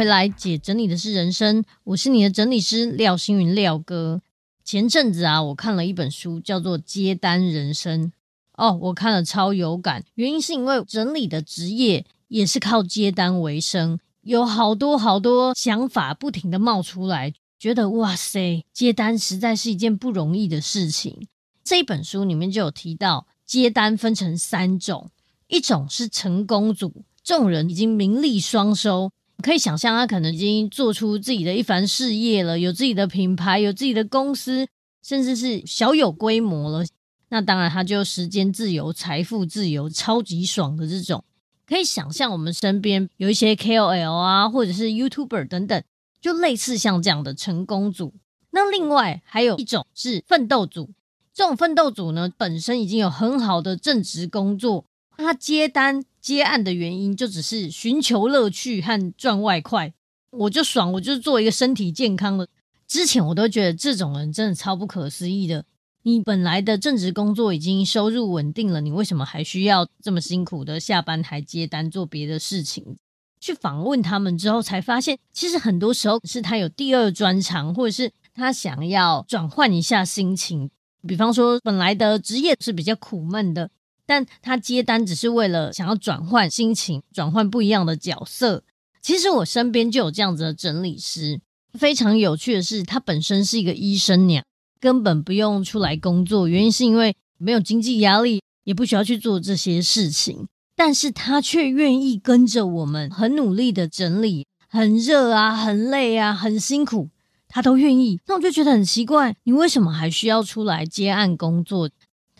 回來解，姐整理的是人生，我是你的整理師廖心筠廖哥。前陣子啊，我看了一本書，叫做《接單人生》哦，我看了超有感，原因是因為整理的職業也是靠接單為生，有好多好多想法不停的冒出來，覺得哇塞，接單實在是一件不容易的事情。這一本書裡面就有提到，接單分成三種，一種是成功組，眾人已經名利雙收。可以想象，他可能已經做出自己的一番事業了，有自己的品牌，有自己的公司，甚至是小有規模了。那當然，他就時間自由、財富自由，超級爽的這種。可以想象，我們身邊有一些 KOL 啊，或者是 YouTuber 等等，就類似像這樣的成功組。那另外還有一種是奮鬥組，這種奮鬥組呢，本身已經有很好的正職工作。他接單接案的原因就只是尋求樂趣和賺外快，我就爽，我就做一個身體健康了。之前我都覺得這種人真的超不可思議的。你本來的正職工作已經收入穩定了，你為什麼還需要這麼辛苦的下班還接單做別的事情？去訪問他們之後才發現，其實很多時候是他有第二專長，或者是他想要轉換一下心情。比方說，本來的職業是比較苦悶的。但他接單只是為了想要轉換心情，轉換不一樣的角色。其實我身邊就有這樣子的整理師，非常有趣的是，他本身是一個醫生娘，根本不用出來工作，原因是因為沒有經濟壓力，也不需要去做這些事情。但是他卻願意跟着我們，很努力的整理，很熱啊，很累啊，很辛苦，他都願意。那我就覺得很奇怪，你為什麼還需要出來接案工作？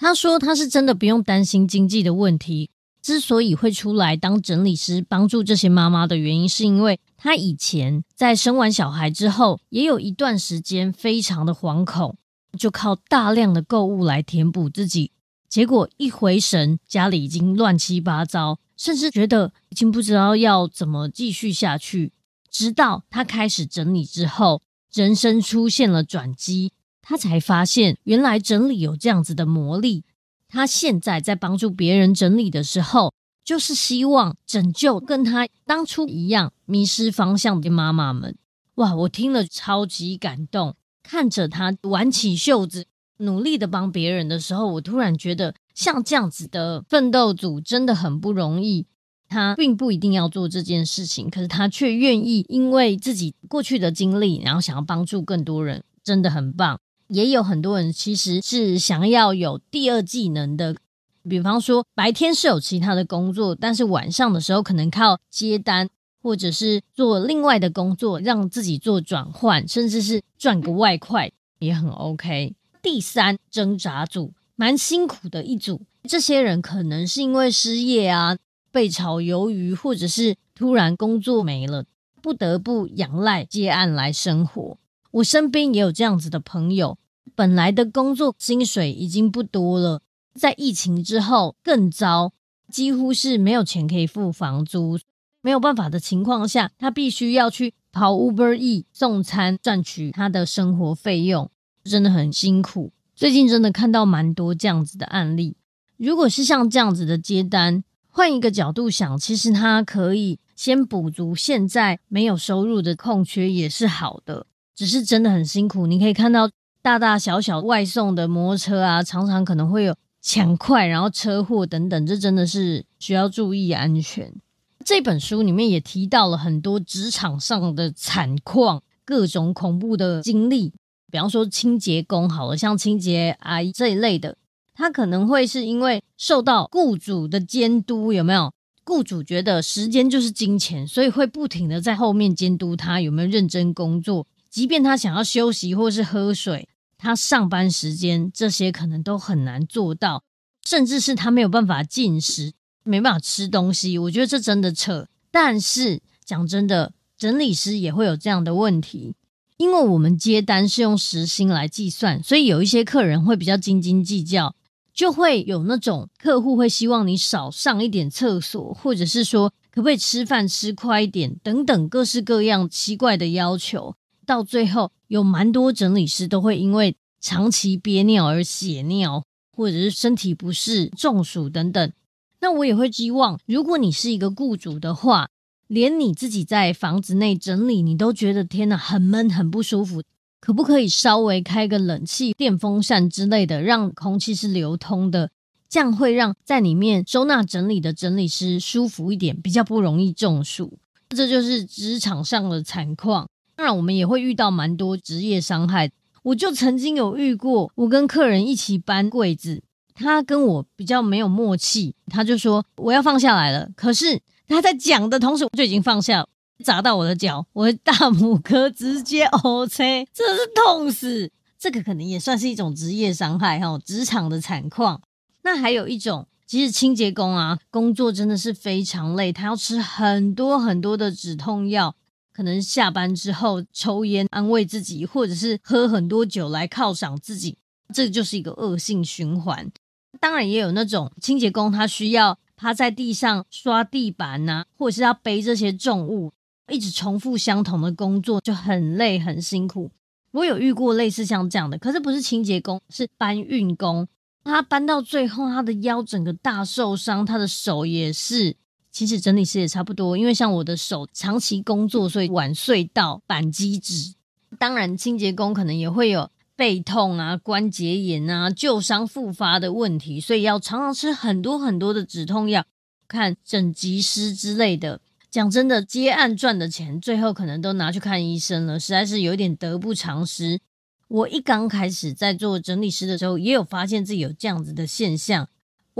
他說：“他是真的不用擔心經濟的問題。之所以會出來當整理師，幫助這些媽媽的原因，是因為他以前在生完小孩之後，也有一段時間非常的惶恐，就靠大量的購物來填補自己。結果一回神，家裡已經亂七八糟，甚至覺得已經不知道要怎麼繼續下去。直到他開始整理之後，人生出現了轉機。”他才發現，原來整理有這樣子的魔力。他現在在幫助別人整理的時候，就是希望拯救跟他當初一樣迷失方向的媽媽們。哇，我聽了超級感動。看着他挽起袖子，努力的幫別人的時候，我突然覺得，像這樣子的奮鬥組真的很不容易。他並不一定要做這件事情，可是他卻願意因為自己過去的經歷，然後想要幫助更多人，真的很棒。也有很多人其實是想要有第二技能的，比方說白天是有其他的工作，但是晚上的時候可能靠接單或者是做另外的工作，讓自己做轉換，甚至是賺個外快也很 OK。第三，掙扎組，蠻辛苦的一組，這些人可能是因為失業啊、被炒魷魚，或者是突然工作沒了，不得不仰賴接案來生活。我身邊也有這樣子的朋友。本來的工作薪水已經不多了，在疫情之後更糟，幾乎是沒有錢可以付房租。沒有辦法的情況下，他必須要去跑 Uber E 送餐賺取他的生活費用，真的很辛苦。最近真的看到蠻多這樣子的案例。如果是像這樣子的接單，換一個角度想，其實他可以先補足現在沒有收入的空缺，也是好的。只是真的很辛苦，你可以看到。大大小小外送的摩托車啊，常常可能會有搶快，然後車禍等等，這真的是需要注意安全。這本書裡面也提到了很多職場上的慘況，各種恐怖的經歷，比方說清潔工好了，像清潔阿姨這一類的，他可能會是因為受到雇主的監督，有沒有？雇主覺得時間就是金錢，所以會不停的在後面監督他有沒有認真工作。即便他想要休息或是喝水，他上班時間這些可能都很難做到，甚至是他沒有辦法進食，沒辦法吃東西。我覺得這真的扯。但是講真的，整理師也會有這樣的問題，因為我們接單是用時薪來計算，所以有一些客人會比較斤斤計較，就會有那種客戶會希望你少上一點廁所，或者是說可不可以吃飯吃快一點，等等各式各樣奇怪的要求。到最後，有蠻多整理師都會因為長期憋尿而血尿，或者是身體不適、中暑等等。那我也會希望，如果你是一個雇主的話，連你自己在房子內整理，你都覺得天哪，很悶、很不舒服，可不可以稍微開個冷氣、電風扇之類的，讓空氣是流通的？這樣會讓在裡面收納整理的整理師舒服一點，比較不容易中暑。這就是職場上的慘況。當然，我們也會遇到蠻多職業傷害。我就曾經有遇過，我跟客人一起搬櫃子，他跟我比較沒有默契，他就說我要放下來了，可是他在講的同時，我就已經放下了，砸到我的腳，我的大拇哥直接烏青，真的是痛死！這個可能也算是一種職業傷害哈，職場的慘況。那還有一種，其實清潔工啊，工作真的是非常累，他要吃很多很多的止痛藥。可能下班之後抽煙安慰自己，或者是喝很多酒來犒賞自己，這就是一個惡性循環。當然也有那種清潔工，他需要趴在地上刷地板啊，或者是要背這些重物，一直重複相同的工作，就很累很辛苦。我有遇過類似像這樣的，可是不是清潔工，是搬運工，他搬到最後，他的腰整個大受傷，他的手也是。其實整理師也差不多，因為像我的手長期工作，所以腕隧道、扳機指當然，清潔工可能也會有背痛啊、關節炎啊、舊傷復發的問題，所以要常常吃很多很多的止痛藥，看整脊師之類的。講真的，接案賺的錢，最後可能都拿去看醫生了，實在是有點得不償失。我一剛開始在做整理師的時候，也有發現自己有這樣子的現象。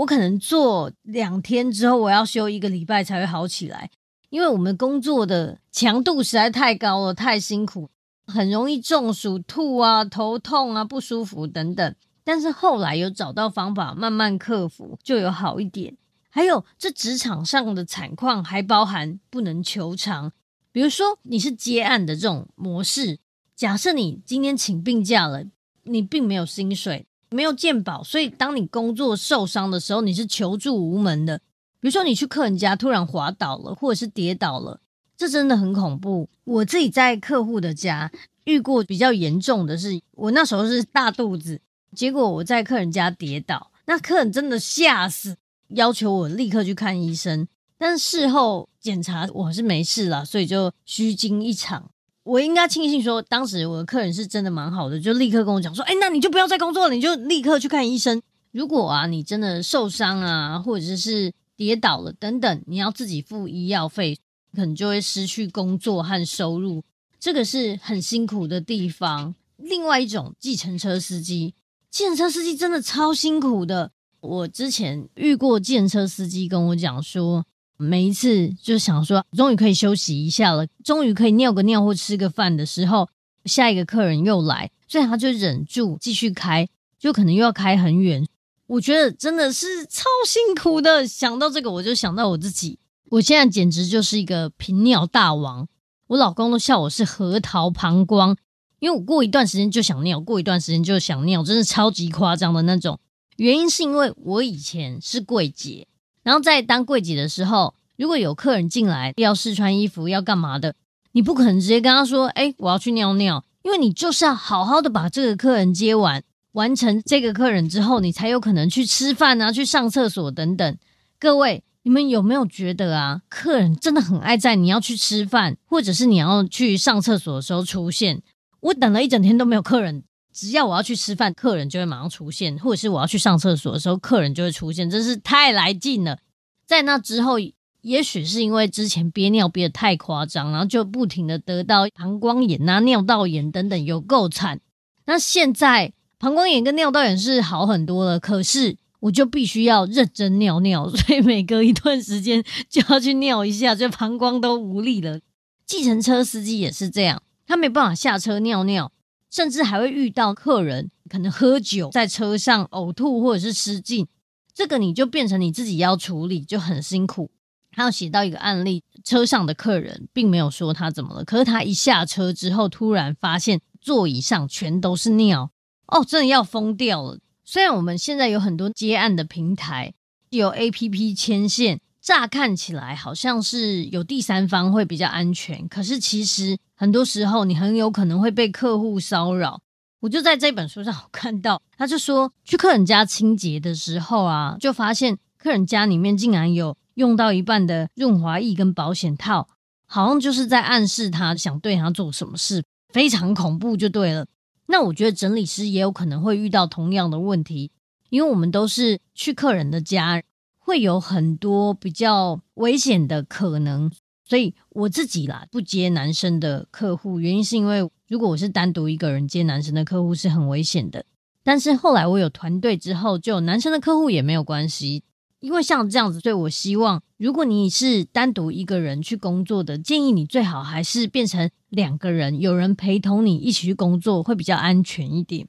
我可能做兩天之後，我要休一個禮拜才會好起來，因為我們工作的強度實在太高了，太辛苦，很容易中暑、吐啊、頭痛啊、不舒服等等。但是後來有找到方法，慢慢克服，就有好一點。還有這職場上的慘況，還包含不能求償。比如說你是接案的這種模式，假設你今天請病假了，你並沒有薪水。沒有健保，所以當你工作受傷的時候，你是求助無門的。比如說，你去客人家突然滑倒了，或者是跌倒了，這真的很恐怖。我自己在客戶的家遇過比較嚴重的是，我那時候是大肚子，結果我在客人家跌倒，那客人真的嚇死，要求我立刻去看醫生。但事後檢查我是沒事了，所以就虛驚一場。我應該慶幸說，當時我的客人是真的蠻好的，就立刻跟我講說：“哎，那你就不要再工作了，你就立刻去看醫生。如果啊，你真的受傷啊，或者是跌倒了等等，你要自己付醫藥費，可能就會失去工作和收入，這個是很辛苦的地方。另外一種，計程車司機，計程車司機真的超辛苦的。我之前遇過計程車司機跟我講說。”每一次就想說，終於可以休息一下了，終於可以尿個尿或吃個飯的時候，下一個客人又來，所以他就忍住繼續開，就可能又要開很遠。我覺得真的是超辛苦的。想到這個，我就想到我自己，我現在簡直就是一個頻尿大王，我老公都笑我是核桃膀胱，因為我過一段時間就想尿，過一段時間就想尿，真的超級誇張的那種。原因是因為我以前是櫃姐，然後在當櫃姐的時候。如果有客人進來要試穿衣服要幹嘛的，你不可能直接跟他說：“哎，我要去尿尿。”因為你就是要好好的把這個客人接完，完成這個客人之後，你才有可能去吃飯啊，去上廁所等等。各位，你們有沒有覺得啊，客人真的很愛在你要去吃飯或者是你要去上廁所的時候出現？我等了一整天都沒有客人，只要我要去吃飯，客人就會馬上出現；或者是我要去上廁所的時候，客人就會出現，真是太來勁了。在那之後。也許是因為之前憋尿憋得太誇張，然後就不停的得到膀胱炎啊、尿道炎等等，有夠慘。那現在膀胱炎跟尿道炎是好很多了，可是我就必須要認真尿尿，所以每隔一段時間就要去尿一下，這膀胱都無力了。計程車司機也是這樣，他沒辦法下車尿尿，甚至還會遇到客人可能喝酒在車上嘔吐或者是失禁，這個你就變成你自己要處理，就很辛苦。他有寫到一個案例，車上的客人並沒有說他怎麼了，可是他一下車之後，突然發現座椅上全都是尿，哦，真的要瘋掉了。雖然我們現在有很多接案的平台，有 APP 牽線，乍看起來好像是有第三方會比較安全，可是其實很多時候你很有可能會被客戶騷擾。我就在這本書上我看到，他就說去客人家清潔的時候啊，就發現客人家裡面竟然有，用到一半的潤滑液跟保險套，好像就是在暗示他想對他做什麼事，非常恐怖就對了。那我覺得整理師也有可能會遇到同樣的問題，因為我們都是去客人的家，會有很多比較危險的可能。所以我自己啦，不接男生的客戶，原因是因為如果我是單獨一個人接男生的客戶是很危險的。但是後來我有團隊之後，就男生的客戶也沒有關係。因為像這樣子，所以我希望，如果你是單獨一個人去工作的，建議你最好還是變成兩個人，有人陪同你一起去工作，會比較安全一點。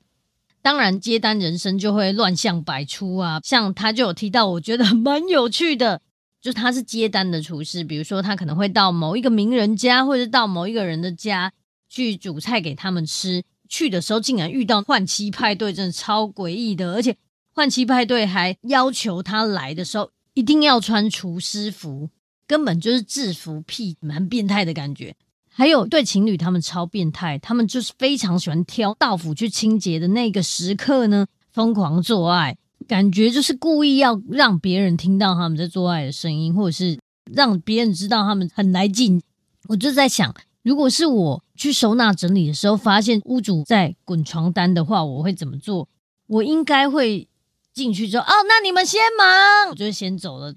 當然，接單人生就會亂象百出啊。像他就有提到，我覺得蠻有趣的，就他是接單的廚師，比如說他可能會到某一個名人家，或者到某一個人的家去煮菜給他們吃。去的時候竟然遇到換妻派對，真的超詭異的，而且。換妻派對還要求他來的時候一定要穿廚師服，根本就是制服癖，蠻變態的感覺。還有對情侶，他們超變態，他們就是非常喜歡挑到府去清潔的那個時刻呢，瘋狂做愛，感覺就是故意要讓別人聽到他們在做愛的聲音，或者是讓別人知道他們很來勁。我就在想，如果是我去收納整理的時候，發現屋主在滾床單的話，我會怎麼做？我應該會。進去之後哦，那你們先忙，我就先走了，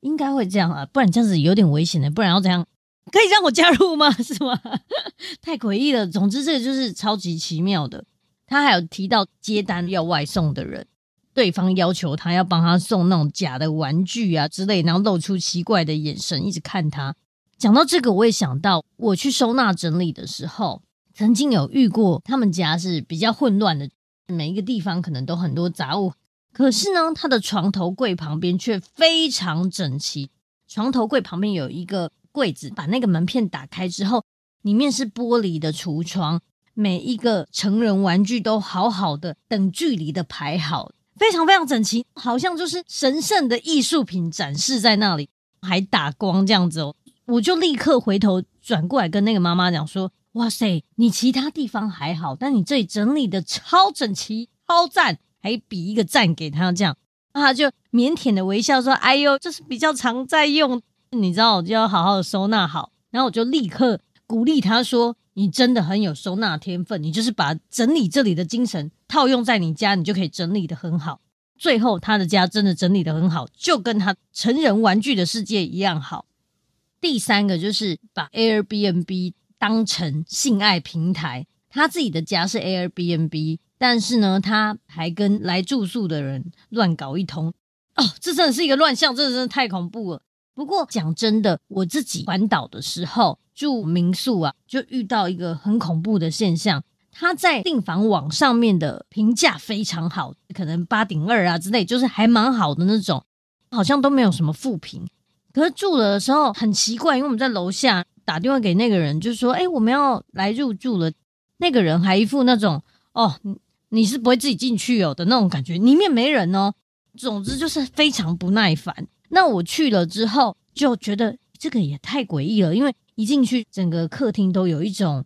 應該會這樣啊，不然這樣子有點危險的，不然要怎樣？可以讓我加入嗎？是嗎？ 太詭異了。總之，這個就是超級奇妙的。他還有提到接單要外送的人，對方要求他要幫他送那種假的玩具啊之類，然後露出奇怪的眼神，一直看他。講到這個，我也想到我去收納整理的時候，曾經有遇過他們家是比較混亂的，每一個地方可能都很多雜物。可是呢，他的床頭櫃旁邊卻非常整齊。床頭櫃旁邊有一個櫃子，把那個門片打開之後，裡面是玻璃的櫥窗，每一個成人玩具都好好的，等距離的排好，非常非常整齊，好像就是神聖的藝術品展示在那裡，還打光這樣子哦。我就立刻回頭轉過來跟那個媽媽講說：“哇塞，你其他地方還好，但你這裡整理得超整齊，超讚。”還比一個贊給他，這樣，然後他就靦腆的微笑說：“哎呦，這是比較常在用，你知道，我就要好好的收納好。”然後我就立刻鼓勵他說：“你真的很有收納天分，你就是把整理這裡的精神套用在你家，你就可以整理的很好。”最後，他的家真的整理的很好，就跟他成人玩具的世界一樣好。第三個就是把 Airbnb 當成性愛平台，他自己的家是 Airbnb。但是呢，他還跟來住宿的人亂搞一通，哦，這真的是一個亂象，這真的太恐怖了。不過講真的，我自己環島的時候住民宿啊，就遇到一個很恐怖的現象。他在訂房網上面的評價非常好，可能八點二啊之類，就是還蠻好的那種，好像都沒有什麼負評。可是住了的時候很奇怪，因為我們在樓下打電話給那個人，就是說，哎，我們要來入住了。那個人還一副那種，哦。你是不會自己進去有、哦、的那種感覺，裡面沒人哦。總之就是非常不耐煩。那我去了之後就覺得這個也太詭異了，因為一進去整個客廳都有一種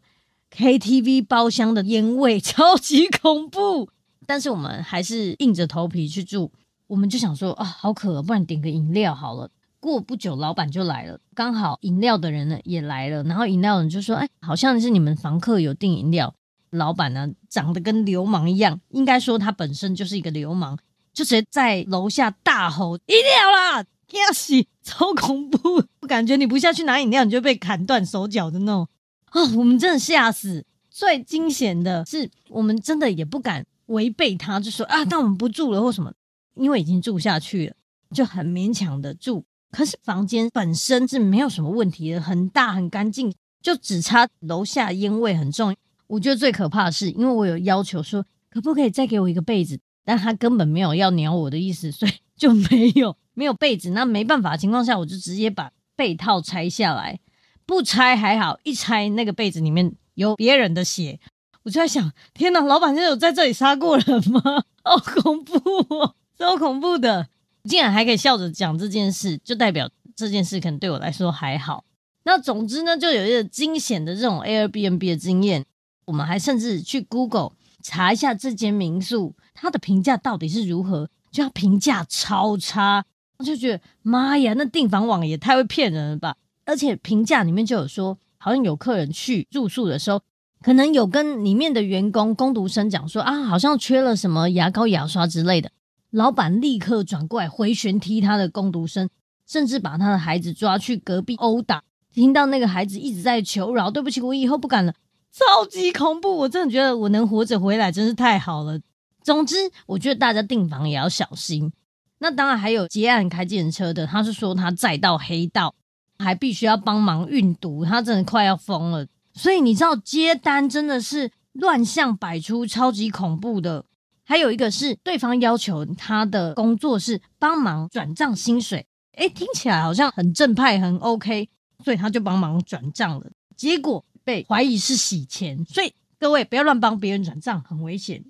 KTV 包廂的煙味，超級恐怖。但是我們還是硬着頭皮去住，我們就想說啊、哦，好渴，不然點個飲料好了。過不久老闆就來了，剛好飲料的人呢也來了，然後飲料人就說，哎，好像是你們房客有訂飲料。老板呢、啊，長得跟流氓一樣，應該說他本身就是一個流氓，就直接在樓下大吼：“一定要啦，要死，超恐怖！ 我感覺你不下去拿飲料，你就被砍斷手腳的那種啊、哦！”我們真的嚇死。最驚險的是，我們真的也不敢違背他，就說：“啊，那我們不住了，或什麼？”因為已經住下去了，就很勉強的住。可是房間本身是沒有什麼問題的，很大很乾淨，就只差樓下煙味很重。我覺得最可怕的是，因為我有要求說可不可以再給我一個被子，但他根本沒有要鳥我的意思，所以就沒有沒有被子。那沒辦法的情況下，我就直接把被套拆下來，不拆還好，一拆那個被子裡面有別人的血，我就在想：天哪，老闆現在有在這裡殺過人嗎？好恐怖哦，超恐怖的！竟然還可以笑着講這件事，就代表這件事可能對我來說還好。那總之呢，就有一個驚險的這種 Airbnb 的經驗。我們還甚至去 Google 查一下這間民宿，它的評價到底是如何？就要評價超差，我就覺得媽呀，那訂房網也太會騙人了吧！而且評價裡面就有說，好像有客人去住宿的時候，可能有跟裡面的員工工讀生講說啊，好像缺了什麼牙膏、牙刷之類的。老闆立刻轉過來回旋踢他的工讀生，甚至把他的孩子抓去隔壁毆打。聽到那個孩子一直在求饒：“對不起，我以後不敢了。”超級恐怖！我真的覺得我能活着回來真是太好了。總之，我覺得大家訂房也要小心。那當然還有接案開電車的，他是說他載到黑道，還必須要幫忙運毒，他真的快要瘋了。所以你知道接單真的是亂象百出，超級恐怖的。還有一個是對方要求他的工作是幫忙轉賬薪水，哎，聽起來好像很正派，很 OK，所以他就幫忙轉賬了，結果。被懷疑是洗錢，所以各位不要亂幫別人轉賬，很危險。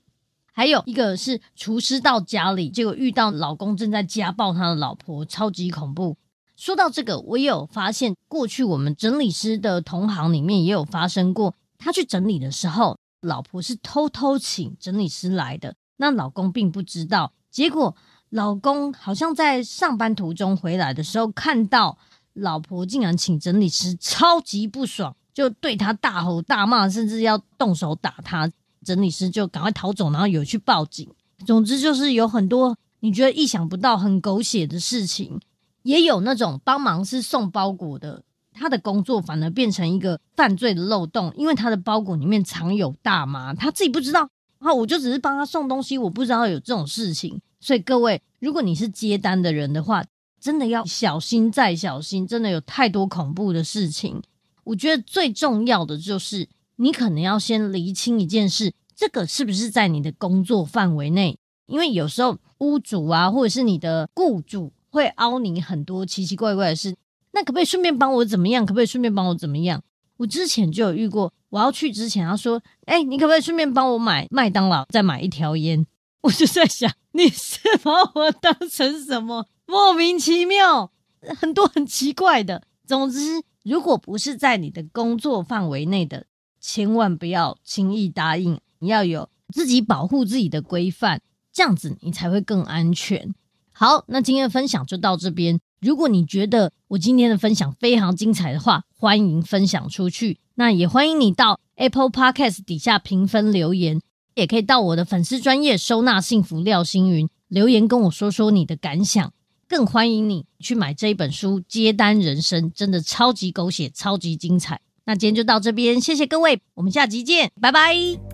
還有一個是廚師到家裡，結果遇到老公正在家暴他的老婆，超級恐怖。說到這個，我也有發現，過去我們整理師的同行裡面也有發生過，他去整理的時候，老婆是偷偷請整理師來的，那老公並不知道，結果老公好像在上班途中回來的時候，看到老婆竟然請整理師，超級不爽。就對他大吼大罵，甚至要動手打他。整理師就趕快逃走，然後有去報警。總之就是有很多你覺得意想不到、很狗血的事情，也有那種幫忙是送包裹的，他的工作反而變成一個犯罪的漏洞，因為他的包裹裡面藏有大麻，他自己不知道。然後我就只是幫他送東西，我不知道有這種事情。所以各位，如果你是接單的人的話，真的要小心再小心，真的有太多恐怖的事情。我覺得最重要的就是，你可能要先理清一件事，這個是不是在你的工作範圍內？因為有時候屋主啊，或者是你的雇主會凹你很多奇奇怪怪的事。那可不可以順便幫我怎麼樣？可不可以順便幫我怎麼樣？我之前就有遇過，我要去之前他說：“哎、欸，你可不可以順便幫我買麥當勞，再買一條菸？”我就在想，你是把我當成什麼？莫名其妙，很多很奇怪的。總之。如果不是在你的工作範圍內的，千萬不要輕易答應。你要有自己保護自己的規範，這樣子你才會更安全。好，那今天的分享就到這邊。如果你覺得我今天的分享非常精彩的話，歡迎分享出去。那也歡迎你到 Apple Podcast 底下評分留言，也可以到我的粉絲專頁收納幸福廖心筠留言跟我說說你的感想。更歡迎你去買這一本書，《接單人生》真的超級狗血，超級精彩。那今天就到這邊，謝謝各位，我們下集見，拜拜。